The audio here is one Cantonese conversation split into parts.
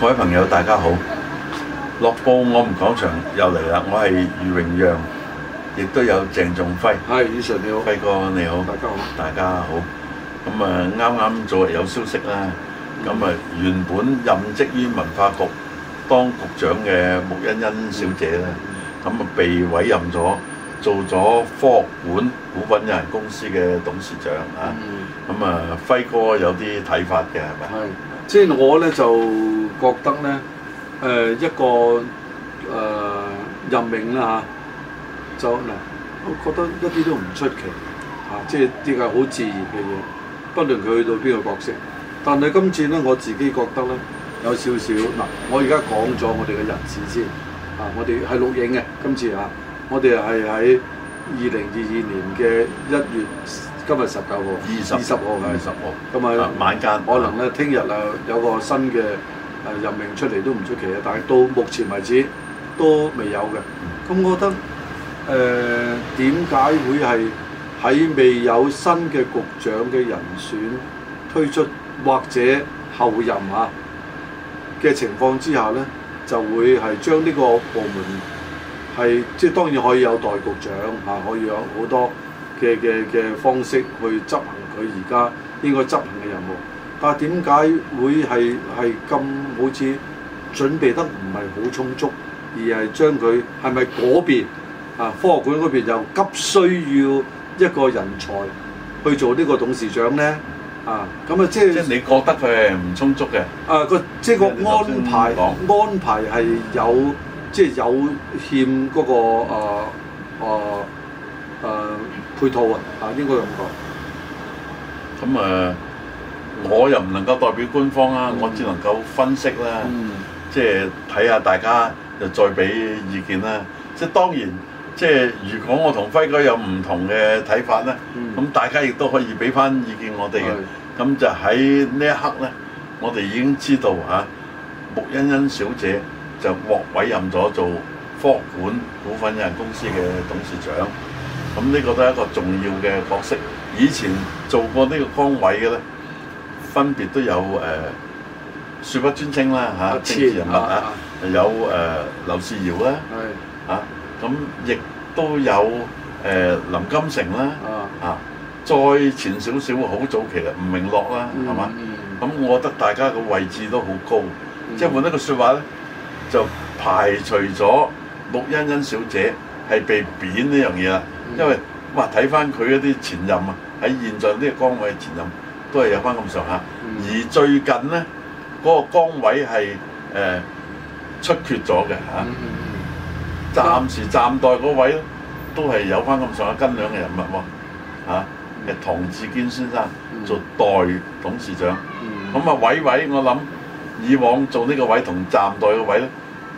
各位朋友，大家好！樂報我們講場又嚟啦，我係余榮陽，亦都有鄭仲輝。係，馮順你好，輝哥你好，大家好，大家好。咁啊，啱啱做有消息啦，咁啊、嗯，原本任職於文化局當局長嘅穆欣欣小姐咧，咁啊、嗯、被委任咗做咗科學館股份有限公司嘅董事長啊。咁啊、嗯，輝哥有啲睇法嘅係咪？係，即係我咧就，覺得呢誒、呃、一個誒、呃、任命啦、啊、嚇，就嗱，我覺得一啲都唔出奇嚇、啊，即係啲係好自然嘅嘢，不論佢去到邊個角色。但係今次呢，我自己覺得呢，有少少嗱，我而家講咗我哋嘅人事先啊，我哋係錄影嘅今次啊，我哋係喺二零二二年嘅一月今日十九號二十號係十號，咁啊晚間、啊、可能呢，聽日啊有個新嘅任命出嚟都唔出奇啊，但係到目前為止都未有嘅。咁我覺得誒、點解會係喺未有新嘅局長嘅人選推出或者候任啊嘅情況之下咧，就會係將呢個部門係即係當然可以有代局長吓，可以有好多嘅嘅嘅方式去執行佢而家應該執行嘅任務。但點解會係係咁好似準備得唔係好充足，而係將佢係咪嗰邊啊？科學館嗰邊又急需要一個人才去做呢個董事長咧？啊，咁、嗯、啊，即係即係你覺得佢係唔充足嘅？啊、嗯，個即係個安排安排係有即係有欠嗰個啊啊配套啊？啊，應該咁講。咁啊。啊啊我又唔能夠代表官方啊，嗯、我只能夠分析啦、嗯，即係睇下大家就再俾意見啦。即係當然，即係如果我同輝哥有唔同嘅睇法咧，咁、嗯、大家亦都可以俾翻意見我哋嘅。咁、嗯、就喺呢一刻咧，我哋已經知道嚇，穆、啊、欣欣小姐就獲委任咗做科學館股份有限公司嘅董事長，咁呢個都係一個重要嘅角色，以前做過個呢個崗位嘅咧。分別都有誒，説、呃、不尊稱啦嚇、啊，政治人物啊，有誒、呃、劉思堯啦嚇，咁亦是、啊、都有誒、呃、林金城啦嚇，再前少少好早期啦，吳明樂啦係嘛？咁我覺得大家嘅位置都好高，即係、嗯、換一個説話咧，就排除咗穆欣欣小姐係被貶呢樣嘢啦，嗯、因為哇睇翻佢一啲前任啊，喺現在呢個崗位前任。在都係有翻咁上下，而最近呢，嗰、那個崗位係誒、呃、出缺咗嘅嚇，啊嗯、暫時暫代嗰位都係有翻咁上下斤兩嘅人物喎唐、啊、志堅先生、嗯、做代董事長，咁啊、嗯，偉偉我諗以往做呢個位同暫代嘅位咧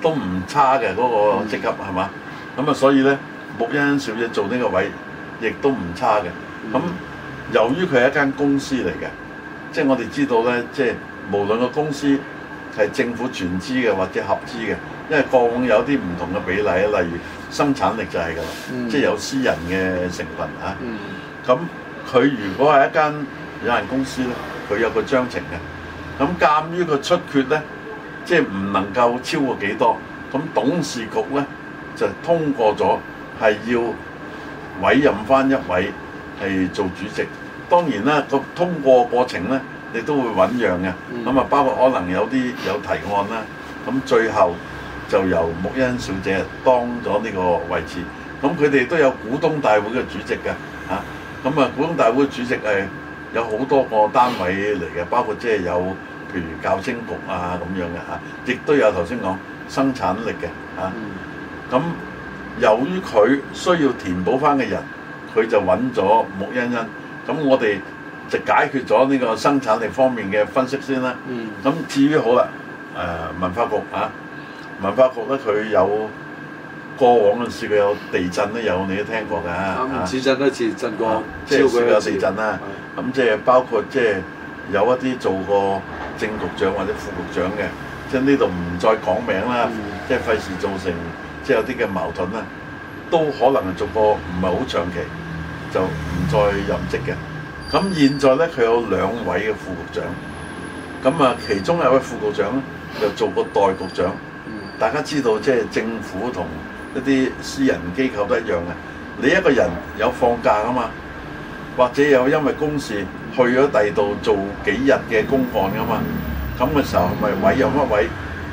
都唔差嘅嗰、那個職級係嘛，咁啊，嗯、所以呢，穆欣小姐做呢個位亦都唔差嘅，咁、嗯。嗯。由於佢係一間公司嚟嘅，即係我哋知道咧，即係無論個公司係政府全資嘅或者合資嘅，因為個有啲唔同嘅比例，例如生產力就係噶啦，嗯、即係有私人嘅成分嚇。咁佢、嗯啊、如果係一間有限公司咧，佢有個章程嘅。咁鑑於佢出缺咧，即係唔能夠超過幾多，咁董事局咧就通過咗係要委任翻一位係做主席。當然啦，個通過過程咧，亦都會醞釀嘅。咁啊，包括可能有啲有提案啦。咁最後就由穆欣小姐當咗呢個位置。咁佢哋都有股東大會嘅主席嘅嚇。咁啊，股東大會主席係有好多個單位嚟嘅，包括即係有譬如教青局啊咁樣嘅嚇，亦、啊、都有頭先講生產力嘅嚇。咁、啊嗯嗯、由於佢需要填補返嘅人，佢就揾咗穆欣欣。咁我哋就解決咗呢個生產力方面嘅分析先啦。咁至於好啦，誒文化局啊，文化局咧佢有過往嗰陣時佢有地震都有，你都聽過㗎。啊，主震一次震過，即係有地震啦。咁即係包括即係有一啲做過正局長或者副局長嘅，即係呢度唔再講名啦，即係費事造成即係有啲嘅矛盾啦，都可能係逐個唔係好長期。就唔再任職嘅。咁現在呢，佢有兩位嘅副局長。咁啊，其中有一位副局長呢，就做過代局長。大家知道，即係政府同一啲私人機構都一樣嘅。你一個人有放假啊嘛，或者有因為公事去咗第度做幾日嘅公幹啊嘛。咁嘅時候，咪委任一位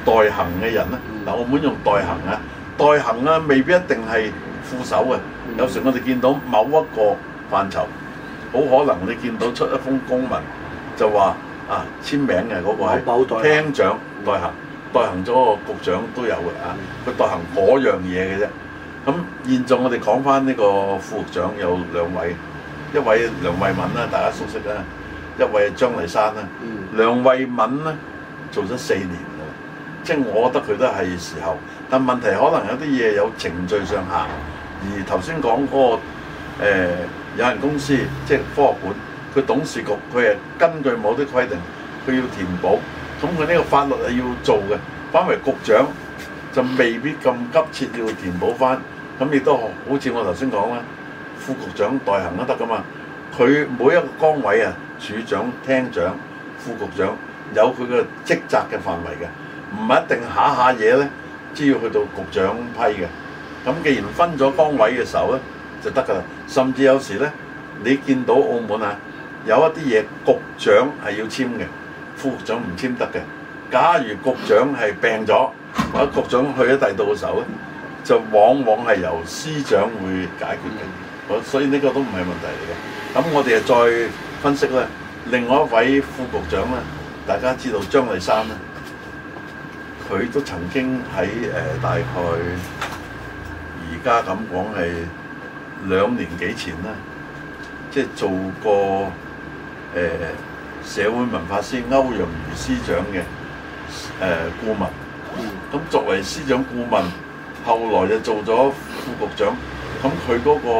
代行嘅人呢？嗱，澳門用代行啊，代行啊，未必一定係副手啊。有時我哋見到某一個範疇，好可能你見到出一封公文就，就話啊簽名嘅嗰、那個係廳長代行，代行咗個局長都有嘅啊，佢、嗯、代行嗰樣嘢嘅啫。咁現在我哋講返呢個副局長有兩位，一位梁慧敏啦，大家熟悉啦，一位張麗珊啦。嗯、梁慧敏咧做咗四年，即、就、係、是、我覺得佢都係時候，但問題可能有啲嘢有程序上行，而頭先講嗰個誒有限公司，即係科學館，佢董事局，佢係根據某啲規定，佢要填補。咁佢呢個法律係要做嘅，反為局長就未必咁急切要填補翻。咁亦都好似我頭先講啦，副局長代行都得噶嘛。佢每一個崗位啊，處長、廳長、副局長，有佢嘅職責嘅範圍嘅，唔係一定下下嘢呢，都要去到局長批嘅。咁既然分咗崗位嘅時候呢，就得㗎啦。甚至有時呢，你見到澳門啊，有一啲嘢局長係要簽嘅，副局長唔簽得嘅。假如局長係病咗，或者局長去咗第度嘅時候呢，就往往係由司長會解決嘅。所以呢個都唔係問題嚟嘅。咁我哋又再分析呢，另外一位副局長呢，大家知道張麗珊呢，佢都曾經喺誒、呃、大概。而家咁講係兩年幾前啦，即係做過誒、呃、社會文化司歐陽瑜司長嘅誒、呃、顧問。咁、嗯、作為司長顧問，後來就做咗副局長。咁佢嗰個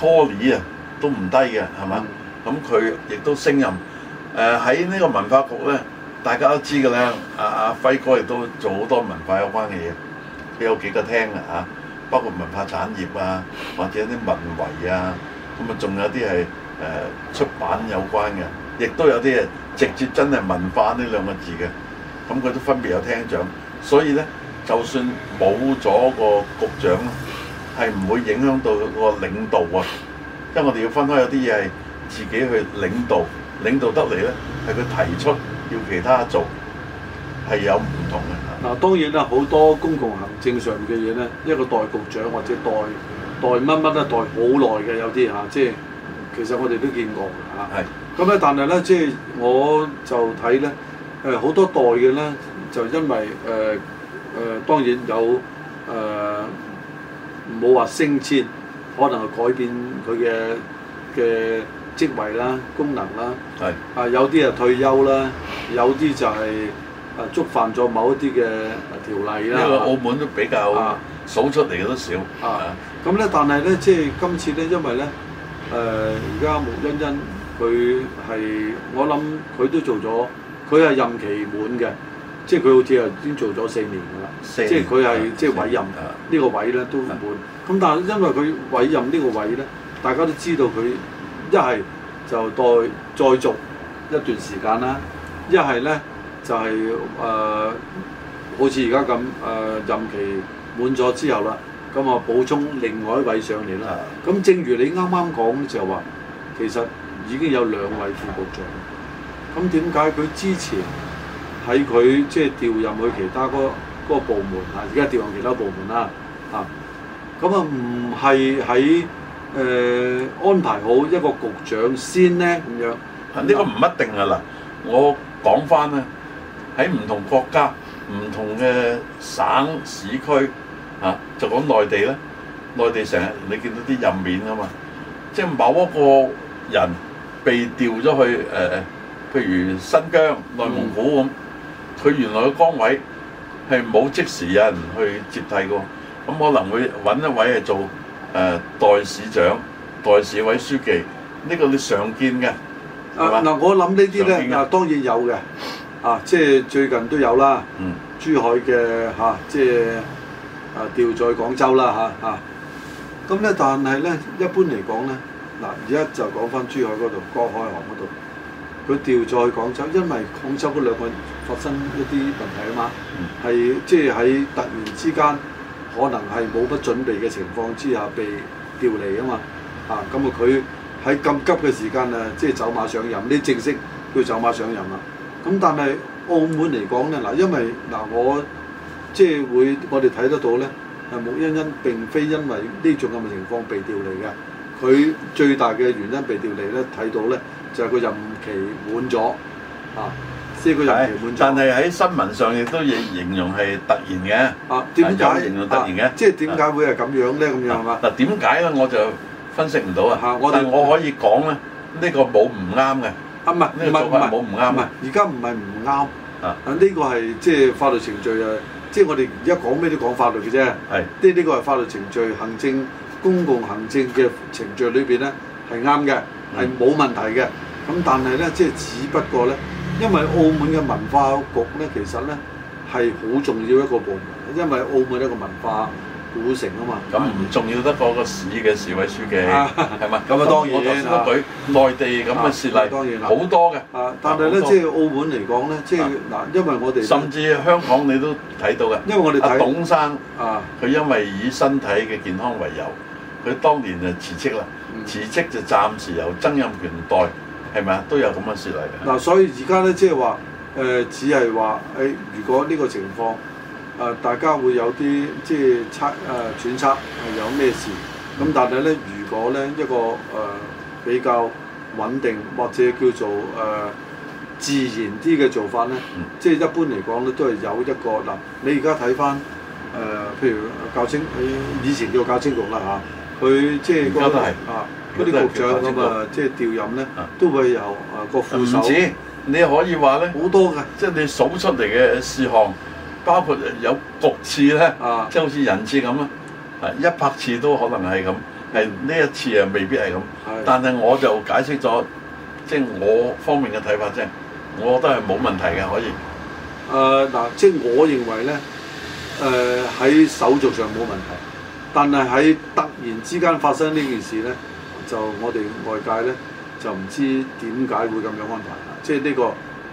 Poly 啊都唔低嘅，係嘛？咁佢亦都升任誒喺呢個文化局咧，大家都知嘅啦。阿、啊、阿輝哥亦都做好多文化有關嘅嘢，你有幾個聽啊？嚇！包括文化產業啊，或者啲文遺啊，咁啊仲有啲係誒出版有關嘅，亦都有啲係直接真係文化呢兩個字嘅，咁佢都分別有廳長，所以呢，就算冇咗個局長，係唔會影響到個領導啊，因為我哋要分開有啲嘢係自己去領導，領導得嚟呢，係佢提出要其他做，係有唔同嘅。嗱，當然啦，好多公共行政上嘅嘢呢，一個代局長或者代代乜乜咧，代好耐嘅有啲嚇，即係其實我哋都見過嘅嚇咁咧，是的 但係呢，即係我就睇呢，誒好多代嘅呢，就因為誒誒、呃呃、當然有誒冇話升遷，可能係改變佢嘅嘅職位啦、功能啦。啊是的，有啲係退休啦，有啲就係。誒觸犯咗某一啲嘅條例啦，因為澳門都比較數出嚟嘅都少啊。咁咧、啊，啊、但係咧，即、就、係、是、今次咧，因為咧，誒而家穆欣欣佢係我諗佢都做咗，佢係任期滿嘅，即係佢好似係已經做咗四年噶啦，四年即係佢係即係委任、啊、個委呢個位咧都滿。咁的但係因為佢委任個委呢個位咧，大家都知道佢一係就待再續一段時間啦，一係咧。就係、是、誒、呃，好似而家咁誒任期滿咗之後啦，咁啊補充另外一位上嚟啦。咁的正如你啱啱講就話，其實已經有兩位副局長。咁點解佢之前喺佢即係調任去其他嗰嗰個部門啊？而家調任其他部門啦，嚇、啊。咁啊唔係喺誒安排好一個局長先呢？咁樣？呢個唔一定噶嗱，我講翻呢。喺唔同國家、唔同嘅省市區，啊，就講內地咧。內地成日你見到啲任免啊嘛，即係某一個人被調咗去誒、呃，譬如新疆、內蒙古咁，佢、嗯、原來嘅崗位係冇即時有人去接替嘅，咁可能會揾一位係做誒、呃、代市長、代市委書記，呢、呢個你常見嘅，嗱、啊吧呃，我諗呢啲咧，嗱當然有嘅。啊，即係最近都有啦。嗯。珠海嘅嚇，即係啊調在廣州啦嚇嚇。咁、啊、咧，但係咧，一般嚟講咧，嗱而家就講翻珠海嗰度，江海航嗰度，佢調在廣州，因為廣州嗰兩個發生一啲問題啊嘛。嗯。係即係喺突然之間，可能係冇乜準備嘅情況之下被調離啊嘛。啊，咁啊，佢喺咁急嘅時間啊，即係走馬上任，呢正式佢走馬上任啊！咁但係澳門嚟講咧，嗱，因為嗱我即係會我哋睇得到咧，係冇欣欣並非因為呢種咁嘅情況被調離嘅，佢最大嘅原因被調離咧，睇到咧就係佢任期滿咗啊，即係佢任期滿咗。但係喺新聞上亦都亦形容係突然嘅，啊點解形容突然嘅？啊？即係點解會係咁樣咧？咁樣係嘛？嗱點解咧？我就分析唔到啊，我哋，我可以講咧，呢、呢個冇唔啱嘅。啊，唔係唔係唔係唔係，而家唔係唔啱啊！呢個係即係法律程序啊！即係我哋而家講咩都講法律嘅啫。係，呢呢個係法律程序、行政、公共行政嘅程序裏邊咧係啱嘅，係冇問題嘅。咁但係咧，即係只不過咧，因為澳門嘅文化局咧，其實咧係好重要一個部門，因為澳門一個文化。嗯古城啊嘛，咁唔重要得過個市嘅市委書記係咪？咁啊當然，我多數都舉內地咁嘅事例，當然好多嘅。啊，但係咧，即係澳門嚟講咧，即係嗱，因為我哋甚至香港你都睇到嘅。因為我哋阿董生啊，佢因為以身體嘅健康為由，佢當年就辭職啦。辭職就暫時由曾蔭權代係咪啊？都有咁嘅事例。嗱，所以而家咧，即係話誒，只係話誒，如果呢個情況。誒大家會有啲即係猜誒揣測係、呃、有咩事，咁但係咧，如果咧一個誒、呃、比較穩定或者叫做誒、呃、自然啲嘅做法咧，即係一般嚟講咧都係有一個嗱，你而家睇翻誒譬如教青佢以前叫教青局啦嚇，佢即係嗰啊嗰啲局長咁啊，即係、那個啊、調任咧、啊、都會有個、啊、副手，唔止，你可以話咧好多嘅，即係你數出嚟嘅事項。包括有局次咧，啊、即係好似人次咁啦，啊一百次都可能係咁，係呢一次啊未必係咁，是的 但係我就解釋咗，即、就、係、是、我方面嘅睇法啫，我覺得係冇問題嘅可以。誒嗱、呃，即係我認為呢，誒、呃、喺手續上冇問題，但係喺突然之間發生呢件事呢，就我哋外界呢，就唔知點解會咁樣安排啦，即係、這、呢個。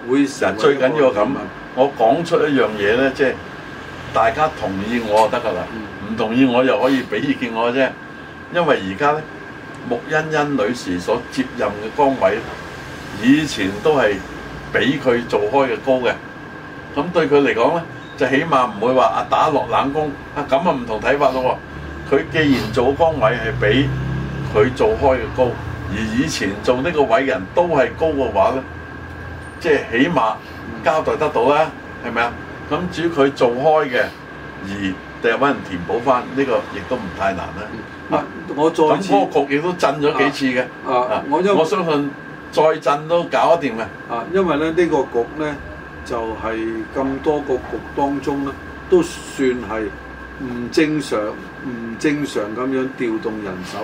會成最緊要咁，我講出一樣嘢呢，即係大家同意我就得噶啦，唔同意我又可以俾意見我啫。因為而家呢，穆欣欣女士所接任嘅崗位，以前都係俾佢做開嘅高嘅，咁對佢嚟講呢，就起碼唔會話啊打落冷宮啊，咁啊唔同睇法咯。佢既然做崗位係俾佢做開嘅高，而以前做呢個位人都係高嘅話咧。即係起碼交代得到啦，係咪啊？咁至於佢做開嘅，而第日揾人填補翻呢、這個，亦都唔太難啦、啊。我再咁多局亦都震咗幾次嘅、啊。啊，我我相信再震都搞得掂嘅。啊，因為咧呢個局呢，就係、是、咁多個局當中呢都算係唔正常、唔正常咁樣調動人手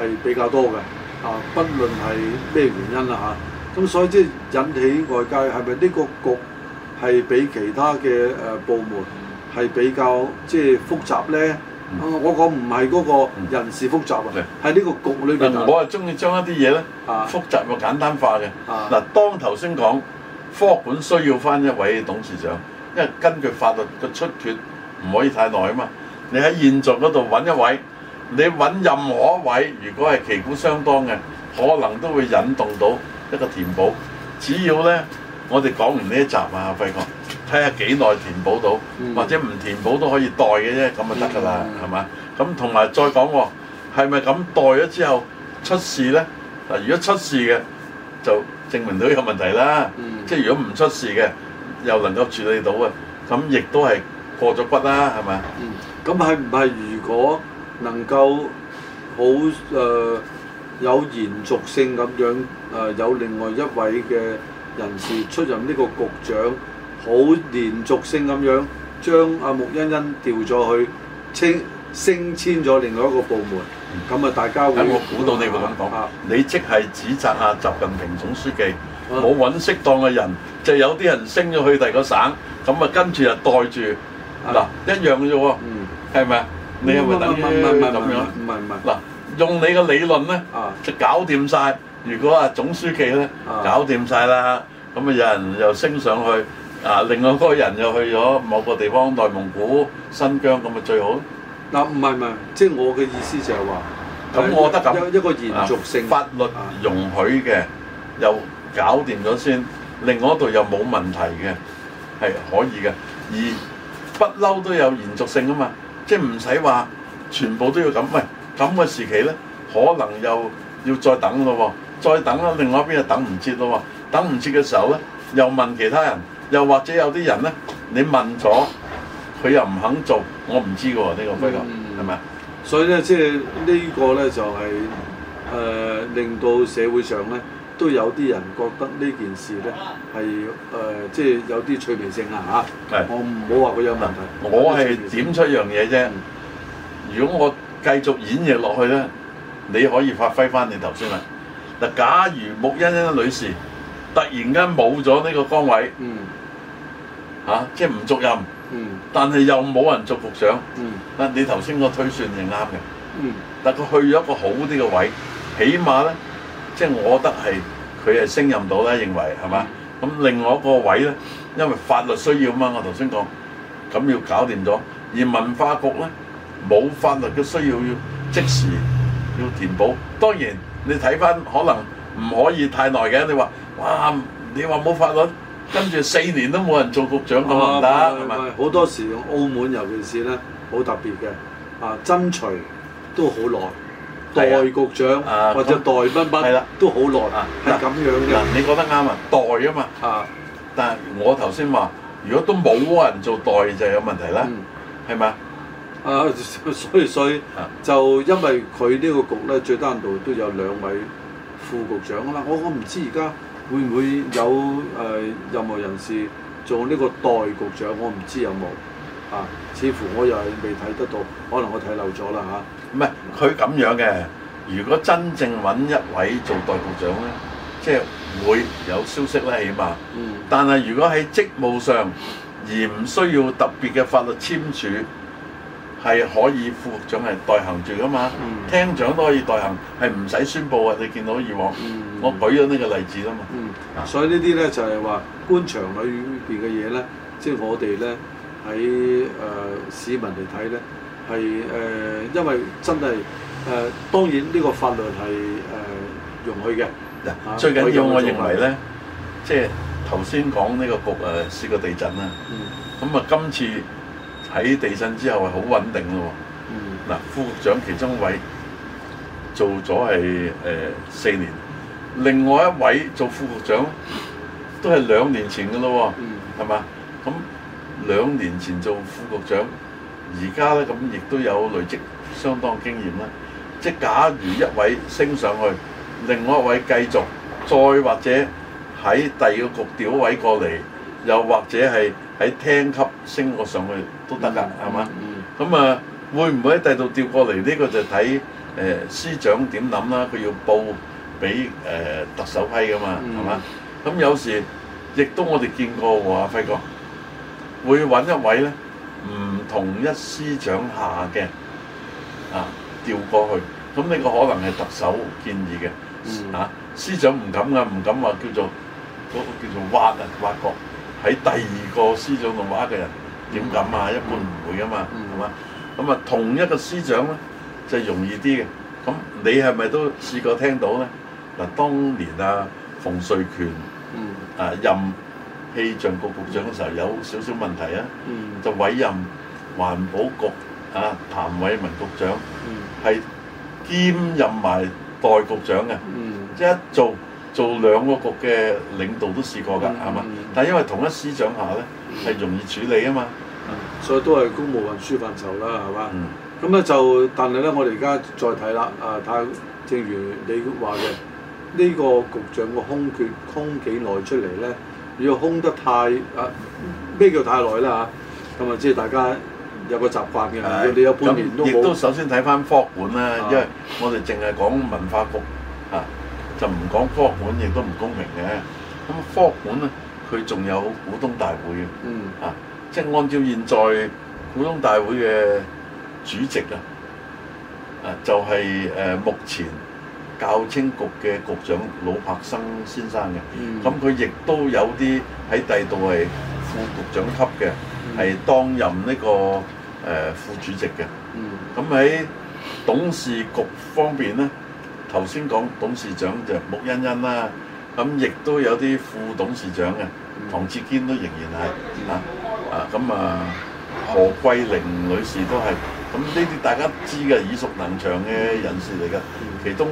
係比較多嘅。啊，不論係咩原因啦嚇。啊咁所以即係引起外界係咪呢個局係比其他嘅誒部門係比較即係複雜咧？嗯、我講唔係嗰個人事複雜啊，係呢、嗯、個局裏邊，我係中意將一啲嘢咧複雜咪簡單化嘅。嗱、啊，啊、當頭先講，科學館需要翻一位董事長，因為根據法律嘅出缺唔可以太耐啊嘛。你喺現在嗰度揾一位，你揾任何一位，如果係旗鼓相當嘅，可能都會引動到。一個填補，只要呢，我哋講完呢一集啊，費哥，睇下幾耐填補到，嗯、或者唔填補都可以代嘅啫，咁啊得噶啦，係咪、嗯？咁同埋再講喎，係咪咁代咗之後出事呢？嗱、啊，如果出事嘅就證明到呢有問題啦，嗯、即係如果唔出事嘅又能夠處理到啊，咁亦都係過咗骨啦，係咪？咁係唔係如果能夠好誒？呃有延續性咁樣，誒有另外一位嘅人士出任呢個局長，好連續性咁樣將阿穆欣欣調咗去，升升遷咗另外一個部門，咁啊大家會，我估到你會咁講，你即係指責下習近平總書記，冇揾適當嘅人，就有啲人升咗去第二個省，咁啊跟住就袋住嗱一樣嘅啫喎，係咪啊？你係咪等於咁樣？唔係唔係嗱。用你個理論咧，就搞掂晒。如果啊總書記咧搞掂晒啦，咁啊有人又升上去，啊另外嗰個人又去咗某個地方內蒙古、新疆，咁咪最好。嗱唔係唔係，即係我嘅意思就係話，咁、啊、是我覺得咁樣一個延續性，啊、法律容許嘅，又搞掂咗先，另外嗰度又冇問題嘅，係可以嘅。而不嬲都有延續性啊嘛，即係唔使話。全部都要咁，唔係咁嘅時期呢，可能又要再等咯喎，再等啦，另外一邊又等唔切咯喎，等唔切嘅時候呢，又問其他人，又或者有啲人呢，你問咗佢又唔肯做，我唔知嘅喎，呢、這個比較係咪？所以呢，即係呢個呢，就係、是、誒、這個就是呃、令到社會上呢，都有啲人覺得呢件事呢，係誒即係有啲趣味性啊嚇！是我唔好話佢有問題，嗯、但我係點出樣嘢啫。是如果我繼續演繹落去咧，你可以發揮翻你頭先啦。嗱，假如穆欣欣女士突然間冇咗呢個崗位，嚇、嗯啊、即係唔續任，嗯、但係又冇人續僕上，嗱、嗯、你頭先個推算係啱嘅。嗯、但佢去咗一個好啲嘅位，起碼咧即係我覺得係佢係升任到啦，認為係嘛？咁另外一個位咧，因為法律需要嘛，我頭先講，咁要搞掂咗，而文化局咧。冇法律嘅需要要即時要填補，當然你睇翻可能唔可以太耐嘅。你話哇，你話冇法律跟住四年都冇人做局長咁唔得。好多時澳門尤其是咧好特別嘅啊，爭取都好耐，啊、代局長、啊、或者代賓賓都好耐，係咁、啊、樣嘅、啊。你覺得啱啊，代啊嘛啊，但係我頭先話如果都冇人做代就有問題啦，係咪、嗯？啊， 所以所以就因為佢呢個局呢，最低限度都有兩位副局長啦。我我唔知而家會唔會有誒、呃、任何人士做呢個代局長，我唔知有冇啊。似乎我又係未睇得到，可能我睇漏咗啦嚇。唔係佢咁樣嘅，如果真正揾一位做代局長呢， 即係會有消息咧，起碼。但係如果喺職務上而唔需要特別嘅法律簽署。係可以副局長係代行住噶嘛？廳、嗯、長都可以代行，係唔使宣佈嘅。你見到以往，嗯、我舉咗呢個例子啦嘛、嗯。所以呢啲呢，就係話官場裏邊嘅嘢呢。即係我哋呢，喺誒市民嚟睇呢，係、呃、誒因為真係誒、呃、當然呢個法律係誒、呃、容許嘅。啊、最緊要我認為呢，即係頭先講呢個局誒試過地震啦。咁啊、嗯，今次。喺地震之後係好穩定咯、哦。嗱、嗯，副局長其中一位做咗係誒四年，另外一位做副局長都係兩年前噶咯、哦，係嘛、嗯？咁兩年前做副局長，而家咧咁亦都有累積相當經驗啦。即係假如一位升上去，另外一位繼續，再或者喺第二個局調位過嚟，又或者係，喺廳級升過上去都得噶，係嘛？咁啊，會唔會喺第度調過嚟？呢、呢個就睇誒、呃、司長點諗啦。佢要報俾誒、呃、特首批噶嘛，係嘛？咁、嗯、有時亦都我哋見過喎，阿、啊、輝哥會揾一位咧，唔同一司長下嘅啊，調過去。咁呢個可能係特首建議嘅，嚇、嗯啊、司長唔敢噶、啊，唔敢話、啊、叫做嗰個叫做挖人挖角。喺第二個司長同埋一個人點敢啊？嗯、一般唔會噶、啊、嘛，係咪？咁啊、嗯，同一個司長呢，就容易啲嘅。咁你係咪都試過聽到呢？嗱，當年啊，馮瑞權、嗯、啊任氣象局局長嘅時候，有少少問題啊，嗯、就委任環保局啊，啊譚偉文局長係、嗯、兼任埋代局長嘅、嗯嗯，即係一做。做兩個局嘅領導都試過㗎，係嘛、嗯？但係因為同一司長下咧，係容易處理啊嘛、嗯。所以都係公務運輸範疇啦，係嘛？咁咧、嗯、就，但係咧，我哋而家再睇啦。啊，正如你話嘅，呢、呢個局長個空缺空幾耐出嚟咧？要空得太啊，咩叫太耐啦嚇？咁啊，即係大家有個習慣嘅。的你都有，亦、嗯、都首先睇返科本啦，啊、因為我哋淨係講文化局。就唔講科學館亦都唔公平嘅。咁科學館咧，佢仲有股東大會嘅，嗯、啊，即係按照現在股東大會嘅主席啊，就係、是、誒、呃、目前教青局嘅局長老柏生先生嘅。咁佢亦都有啲喺第度係副局長級嘅，係、嗯、當任呢、這個、呃、副主席嘅。咁喺、嗯嗯、董事局方面呢。頭先講董事長就穆欣欣啦，咁亦都有啲副董事長嘅，唐志堅都仍然係啊啊，咁啊何桂玲女士都係，咁呢啲大家知嘅耳熟能詳嘅人士嚟㗎。其中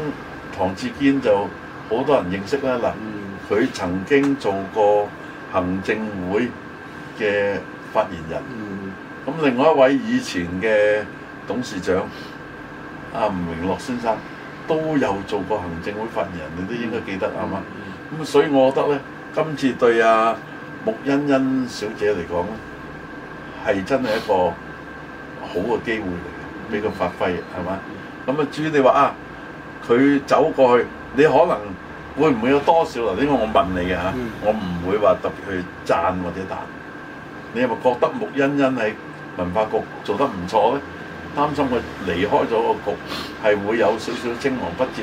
唐志堅就好多人認識啦，嗱、啊、佢曾經做過行政會嘅發言人，咁、啊、另外一位以前嘅董事長阿、啊、吳榮樂先生。都有做過行政會發言人，你都應該記得係嘛？咁、mm hmm. 所以我覺得呢，今次對阿、啊、穆欣欣小姐嚟講，係真係一個好嘅機會嚟嘅，俾佢發揮係嘛？咁啊，mm hmm. 至於你話啊，佢走過去，你可能會唔會有多少呢？呢個我問你嘅嚇，mm hmm. 我唔會話特別去贊或者彈。你係咪覺得穆欣欣喺文化局做得唔錯呢？擔心佢離開咗個局，係會有少少青黃不接。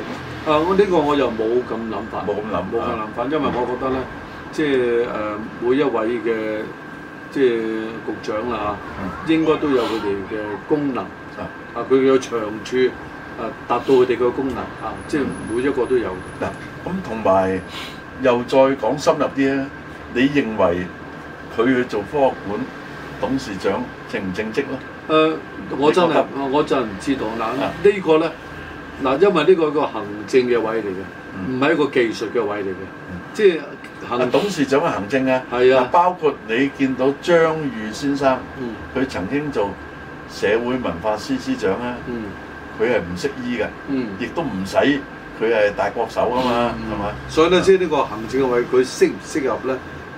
啊！我、這、呢個我就冇咁諗法。冇咁諗，冇咁諗法，啊、因為我覺得咧，嗯、即係誒每一位嘅即係局長啊，嚇、嗯，應該都有佢哋嘅功能。啊，佢有長處，誒達到佢哋嘅功能啊，即係每一個都有。嗱、嗯，咁同埋又再講深，深入啲咧，你認為佢去做科學館董事長正唔正職咧？誒、呃，我真係我真係唔知道嗱，這個、呢個咧嗱，因為呢個係個行政嘅位嚟嘅，唔係一個技術嘅位嚟嘅，嗯、即係董事長嘅行政啊，啊包括你見到張裕先生，佢、嗯、曾經做社會文化司司長啊，佢係唔識醫嘅，嗯、亦都唔使佢係大國手啊嘛，係嘛、嗯？吧所以咧，即係呢個行政嘅位，佢適唔適合咧？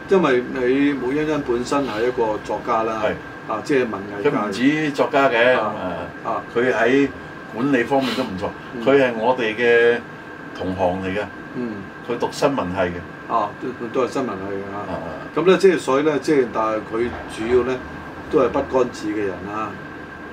因為你穆欣欣本身係一個作家啦。啊！即係文藝，佢唔止作家嘅，啊，佢喺管理方面都唔錯。佢係我哋嘅同行嚟嘅，嗯，佢讀新聞系嘅，啊，都都係新聞系嘅，咁咧即係所以咧，即係但係佢主要咧都係不幹子嘅人啊，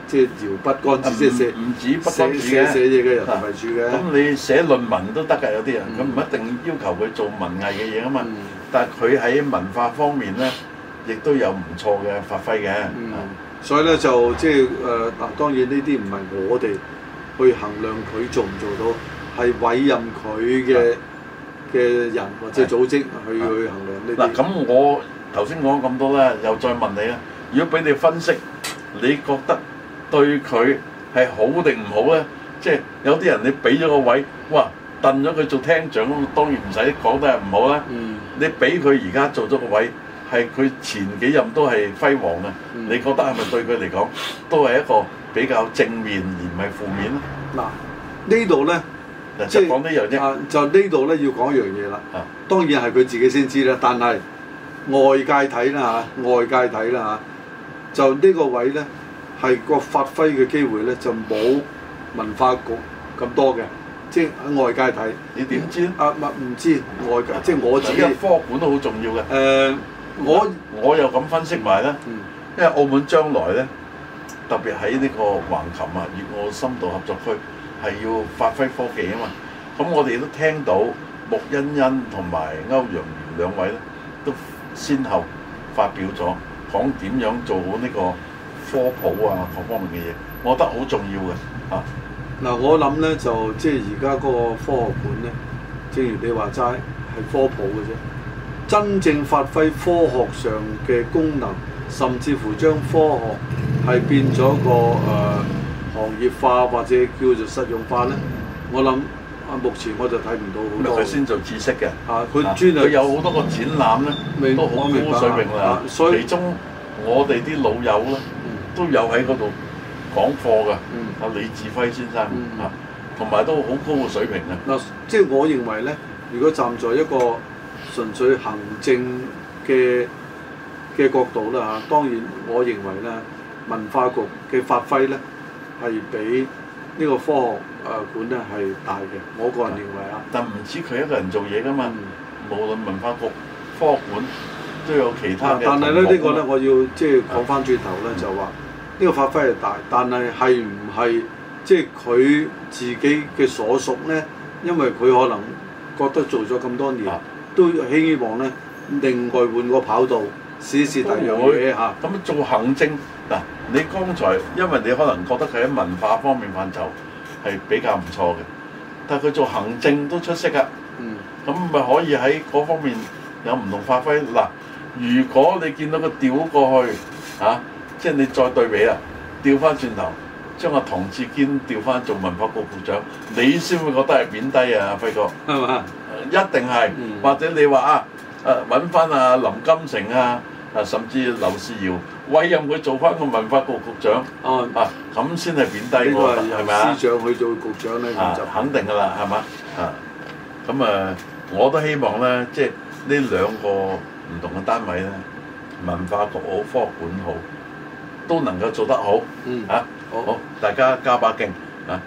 即係叫不幹子，即係寫唔止不幹子嘅，寫寫嘢嘅人唔係主嘅。咁你寫論文都得㗎，有啲人咁唔一定要求佢做文藝嘅嘢啊嘛。但係佢喺文化方面咧。亦都有唔錯嘅發揮嘅，嗯、是所以咧就即係誒嗱，當然呢啲唔係我哋去衡量佢做唔做到，係委任佢嘅嘅人或者組織去、嗯、去衡量呢。嗱咁、嗯、我頭先講咁多咧，又再問你啦。如果俾你分析，你覺得對佢係好定唔好咧？即、就、係、是、有啲人你俾咗個位，哇，燉咗佢做廳長，當然唔使講得係唔好啦。嗯、你俾佢而家做咗個位。係佢前幾任都係輝煌嘅，你覺得係咪對佢嚟講都係一個比較正面而唔係負面咧？嗱，呢度咧，即係其實、啊、就呢度咧要講一樣嘢啦。啊，當然係佢自己先知啦，但係外界睇啦嚇，外界睇啦嚇，就呢個位咧係個發揮嘅機會咧就冇文化局咁多嘅，即係外界睇你點知啊？唔唔知外界即係我自己科學館都好重要嘅。誒、呃。我我又咁分析埋咧，嗯嗯、因為澳門將來呢，特別喺呢個橫琴啊、粵澳深度合作區，係要發揮科技啊嘛。咁我哋都聽到穆欣欣同埋歐陽瑜兩位咧，都先後發表咗講點樣做好呢個科普啊各方面嘅嘢，嗯、我覺得好重要嘅嚇。嗱、嗯，我諗呢就即係而家嗰個科學館呢，正如你話齋係科普嘅啫。真正發揮科學上嘅功能，甚至乎將科學係變咗個誒、呃、行業化或者叫做實用化呢。我諗啊，目前我就睇唔到好多。佢先做知識嘅，啊，佢專係佢有好多個展覽咧，都好高水平啦、啊啊。所以其中我哋啲老友咧都有喺嗰度講課㗎。嗯、啊，李志輝先生、嗯、啊，同埋都好高嘅水平啊。嗱，即係我認為呢，如果站在一個純粹行政嘅嘅角度啦嚇，當然我認為咧文化局嘅發揮咧係比呢個科學誒館咧係大嘅，我個人認為啊。但唔止佢一個人做嘢噶嘛，無論文化局、科學館都有其他。但係咧呢個咧，我要即係講翻轉頭咧，是就話呢個發揮係大，但係係唔係即係佢自己嘅所屬咧？因為佢可能覺得做咗咁多年。都希望咧，另外換個跑道試一試其他嘢嚇。咁做行政嗱，你剛才因為你可能覺得佢喺文化方面範疇係比較唔錯嘅，但佢做行政都出色噶。咁咪、嗯、可以喺嗰方面有唔同發揮嗱。如果你見到佢調過去嚇、啊，即係你再對比啦，調翻轉頭將阿唐志堅調翻做文化局局長，你先會覺得係貶低啊，阿輝哥。係嘛？一定係，嗯、或者你話啊，誒揾翻阿林金城啊，啊甚至劉思耀委任佢做翻個文化局局長啊，咁先係貶低，我係咪啊？司長去做局長咧，就、啊吧啊、肯定噶啦，係嘛？啊咁啊，啊，我都希望咧，即係呢兩個唔同嘅單位咧，文化局好，科學館好，都能夠做得好，嗯啊，好，好大家加把勁啊！